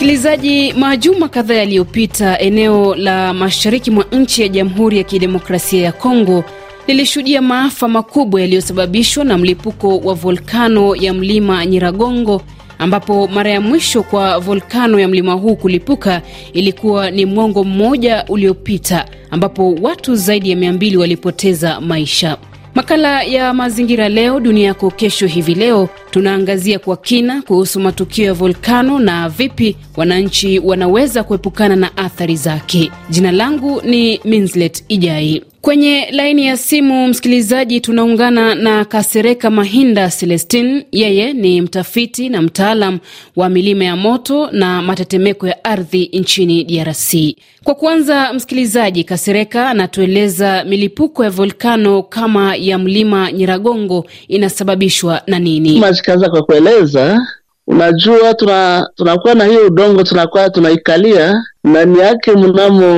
Msikilizaji, majuma kadhaa yaliyopita, eneo la mashariki mwa nchi ya Jamhuri ya Kidemokrasia ya Kongo lilishuhudia maafa makubwa yaliyosababishwa na mlipuko wa volkano ya mlima Nyiragongo ambapo mara ya mwisho kwa volkano ya mlima huu kulipuka ilikuwa ni mwongo mmoja uliopita ambapo watu zaidi ya mia mbili walipoteza maisha. Makala ya mazingira leo dunia yako kesho. Hivi leo tunaangazia kwa kina kuhusu matukio ya volkano na vipi wananchi wanaweza kuepukana na athari zake. Jina langu ni Minslet Ijai. Kwenye laini ya simu msikilizaji, tunaungana na Kasereka Mahinda Celestin. Yeye ni mtafiti na mtaalam wa milima ya moto na matetemeko ya ardhi nchini DRC. Kwa kwanza, msikilizaji, Kasereka anatueleza milipuko ya volkano kama ya mlima Nyiragongo inasababishwa na nini? Mashikaza kwa kueleza Unajua, tunakuwa tuna na hiyo udongo tunakuwa tunaikalia ndani yake, mnamo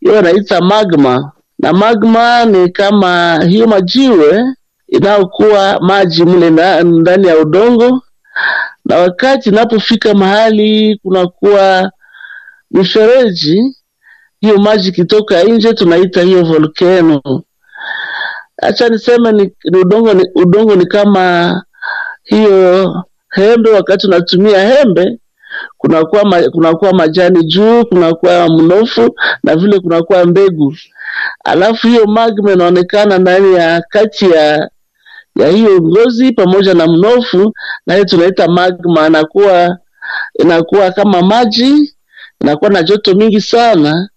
hiyo wanaita magma na magma ni kama hiyo majiwe inayokuwa maji mle ndani ya udongo, na wakati inapofika mahali kunakuwa mifereji, hiyo maji ikitoka nje tunaita hiyo volcano. Acha niseme ni, ni udongo ni, udongo ni kama hiyo hembe. Wakati unatumia hembe kunakuwa ma, kunakuwa majani juu, kunakuwa mnofu na vile kunakuwa mbegu alafu hiyo magma inaonekana ndani ya kati ya ya hiyo ngozi pamoja na mnofu, na hiyo tunaita magma. Anakuwa inakuwa kama maji, inakuwa na joto mingi sana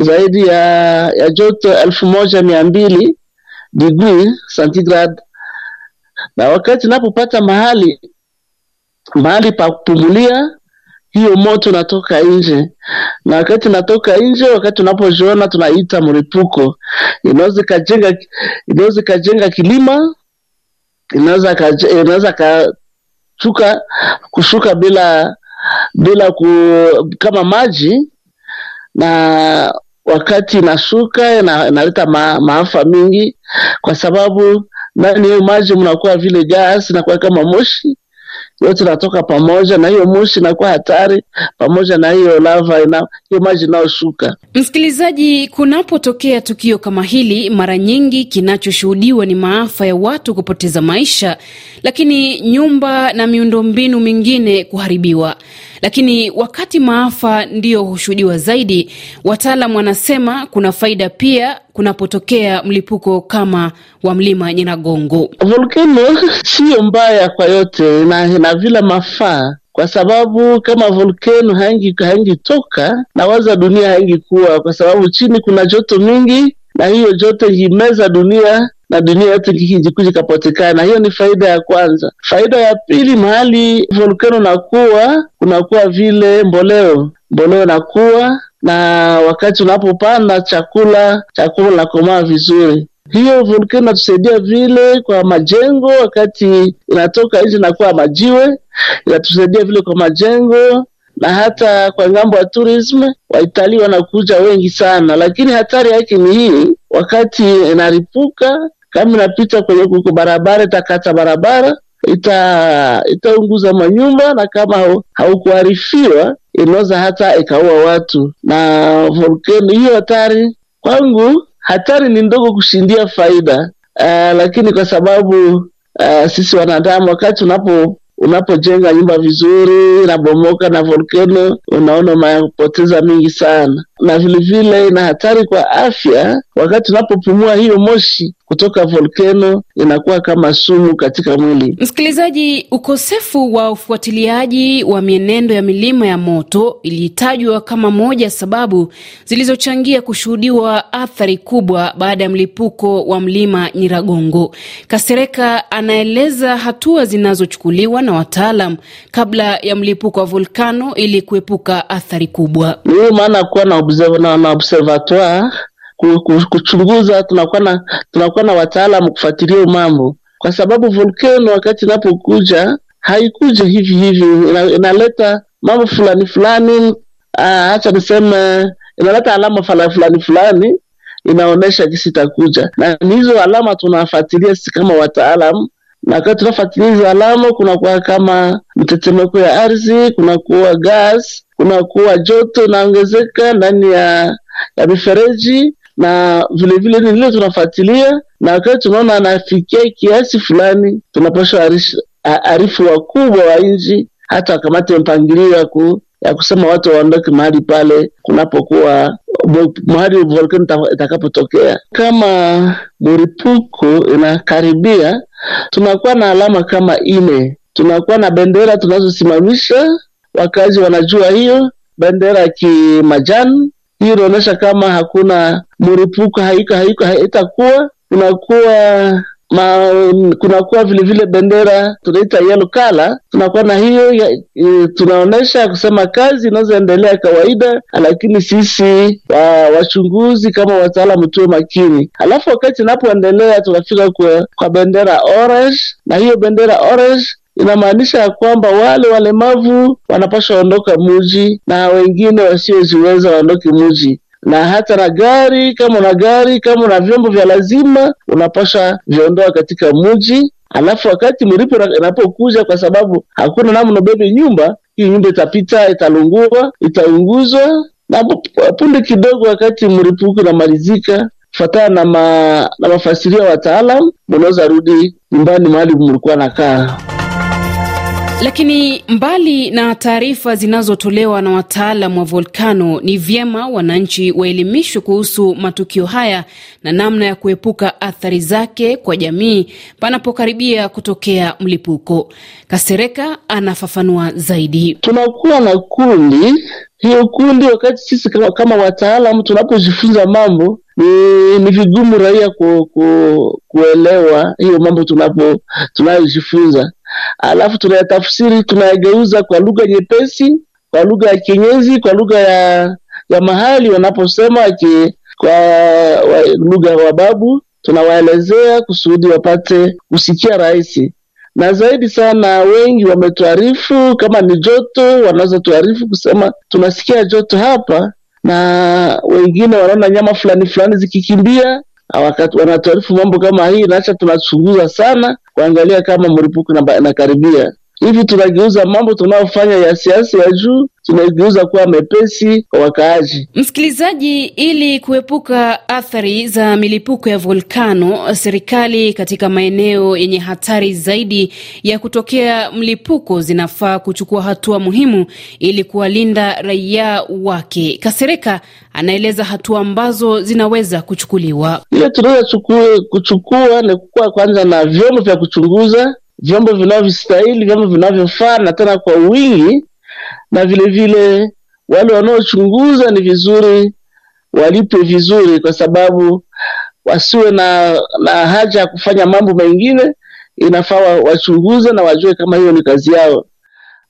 zaidi ya, ya joto elfu moja mia mbili degree centigrade, na wakati inapopata mahali mahali pa kupumulia hiyo moto natoka nje, na wakati natoka nje, wakati unapojiona tunaita mripuko. Inaweza ikajenga, inaweza kajenga kilima, inaweza inaweza kachuka kushuka bila bila ku, kama maji na wakati inashuka inaleta ma, maafa mingi, kwa sababu ndani hiyo maji mnakuwa vile gas nakuwa kama moshi yote natoka pamoja na hiyo moshi inakuwa hatari, pamoja na hiyo lava ina hiyo maji inayoshuka. Msikilizaji, kunapotokea tukio kama hili, mara nyingi kinachoshuhudiwa ni maafa ya watu kupoteza maisha, lakini nyumba na miundombinu mingine kuharibiwa. Lakini wakati maafa ndiyo hushuhudiwa zaidi, wataalam wanasema kuna faida pia kunapotokea mlipuko kama wa mlima Nyiragongo. Volkeno siyo mbaya kwa yote na na vile mafaa kwa sababu kama volkeno hangi hangitoka na waza dunia haingikuwa kwa sababu chini kuna joto mingi, na hiyo joto himeza dunia na dunia yote kijikuji kapatikana. Hiyo ni faida ya kwanza. Faida ya pili, mahali volkeno nakuwa kunakuwa vile mboleo mboleo nakuwa na wakati unapopanda chakula chakula nakomaa vizuri hiyo volkeno inatusaidia vile kwa majengo, wakati inatoka nje inakuwa majiwe, inatusaidia vile kwa majengo na hata kwa ngambo ya tourism waitalii wanakuja wengi sana, lakini hatari yake ni hii, wakati inaripuka kama inapita kwenye kuko barabara itakata barabara, ita itaunguza manyumba, na kama haukuarifiwa inaweza hata ikaua watu na volkeno hiyo hatari kwangu Hatari ni ndogo kushindia faida. Uh, lakini kwa sababu uh, sisi wanadamu wakati unapo unapojenga nyumba vizuri inabomoka na volkeno, unaona umepoteza mingi sana, na vilevile ina hatari kwa afya wakati unapopumua hiyo moshi kutoka volkeno inakuwa kama sumu katika mwili. Msikilizaji, ukosefu wa ufuatiliaji wa mienendo ya milima ya moto ilitajwa kama moja sababu zilizochangia kushuhudiwa athari kubwa baada ya mlipuko wa mlima Nyiragongo. Kasereka anaeleza hatua zinazochukuliwa na wataalam kabla ya mlipuko wa volkano ili kuepuka athari kubwa. Ni huyu maana kuwa na observatoire kuchunguza, tunakuwa na tunakuwa na wataalamu kufuatilia mambo, kwa sababu volcano wakati inapokuja haikuja hivi hivi, inaleta mambo fulani fulani, hacha ah, niseme inaleta alama fulani fulani fulani, inaonyesha kisi itakuja, na ni hizo alama tunafuatilia sisi kama wataalamu na wakati tunafuatilia hizo alama, kunakuwa kama mtetemeko ya ardhi, kunakuwa gas, kunakuwa joto inaongezeka ndani ya, ya mifereji na vilevile ni lile tunafuatilia, na wakati tunaona anafikia kiasi fulani, tunapasha arifu wakubwa wa nchi, hata wakamate mpangilio ya ku, ya kusema watu waondoke mahali pale kunapokuwa mahali volkano itakapotokea. Kama muripuko inakaribia, tunakuwa na alama kama ine, tunakuwa na bendera tunazosimamisha, wakazi wanajua hiyo bendera ya kimajani hii inaonyesha kama hakuna mlipuko, haiko haiko, haitakuwa kunakuwa ma kunakuwa vile vile bendera tunaita yellow color, tunakuwa na hiyo e, tunaonesha kusema kazi inazoendelea kawaida, lakini sisi wa, wachunguzi kama wataalamu tuwe makini. Alafu wakati inapoendelea tunafika kwa, kwa bendera orange, na hiyo bendera orange Inamaanisha ya kwamba wale walemavu wanapaswa ondoka muji na wengine wasioziweza waondoke muji na hata na gari kama na gari kama na vyombo vya lazima unapasha viondoa katika muji. Alafu wakati mripo inapokuja, kwa sababu hakuna namna bebe nyumba hii, nyumba itapita, italungua, itaunguzwa na punde kidogo. Wakati mlipuko inamalizika, fatana na, ma, na mafasiria wataalam, munaweza rudi nyumbani mahali mlikuwa nakaa. Lakini mbali na taarifa zinazotolewa na wataalam wa volkano, ni vyema wananchi waelimishwe kuhusu matukio haya na namna ya kuepuka athari zake kwa jamii panapokaribia kutokea mlipuko. Kasereka anafafanua zaidi. Tunakuwa na kundi, hiyo kundi, wakati sisi kama wataalamu tunapojifunza mambo ni, ni vigumu raia ku, ku, kuelewa hiyo mambo tunapo tunayojifunza alafu tunayatafsiri tunayageuza kwa lugha nyepesi, kwa lugha ya kienyezi, kwa lugha ya, ya mahali wanaposema ki, kwa wa, lugha ya wababu, tunawaelezea kusudi wapate kusikia rahisi na zaidi sana, wengi wametuarifu kama ni joto, wanaweza tuarifu kusema tunasikia joto hapa, na wengine wanaona nyama fulani fulani zikikimbia, wanatuarifu mambo kama hii, naacha tunachunguza sana kuangalia kama na inakaribia. Hivi tunageuza mambo tunayofanya ya siasa ya juu tunageuza kuwa mepesi kwa wakaaji. Msikilizaji, ili kuepuka athari za milipuko ya volkano, serikali katika maeneo yenye hatari zaidi ya kutokea mlipuko zinafaa kuchukua hatua muhimu ili kuwalinda raia wake. Kasereka anaeleza hatua ambazo zinaweza kuchukuliwa. Ile tunaweza kuchukua ni kukuwa kwanza na vyombo vya kuchunguza, vyombo vinavyostahili, vyombo vinavyofaa na tena kwa wingi na vilevile wale wanaochunguza ni vizuri walipe vizuri, kwa sababu wasiwe na, na haja ya kufanya mambo mengine. Inafaa wachunguze na wajue kama hiyo ni kazi yao.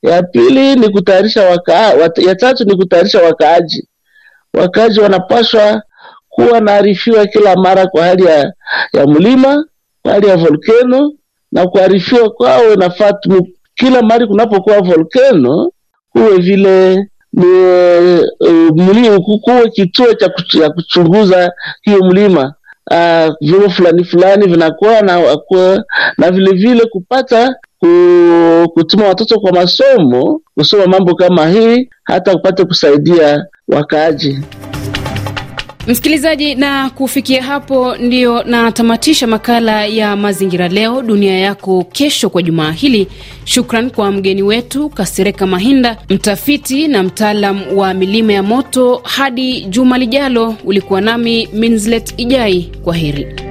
Ya pili ni kutayarisha waka, ya tatu ni kutayarisha wakaaji. Wakaaji wanapaswa kuwa naarifiwa kila mara kwa hali ya, ya mlima kwa hali ya volkeno na kuarifiwa kwao inafaa kila mara kunapokuwa volkeno kuwe vile ni uh, uh, kuwe kituo cha ya kuchunguza hiyo mlima uh, vyombo fulani fulani vinakuwa na, na vile vile kupata kutuma watoto kwa masomo kusoma mambo kama hii hata kupata kusaidia wakaaji. Msikilizaji, na kufikia hapo ndiyo natamatisha makala ya mazingira leo dunia yako kesho kwa jumaa hili. Shukran kwa mgeni wetu Kasireka Mahinda, mtafiti na mtaalam wa milima ya moto. Hadi juma lijalo, ulikuwa nami Minslet Ijai. Kwa heri.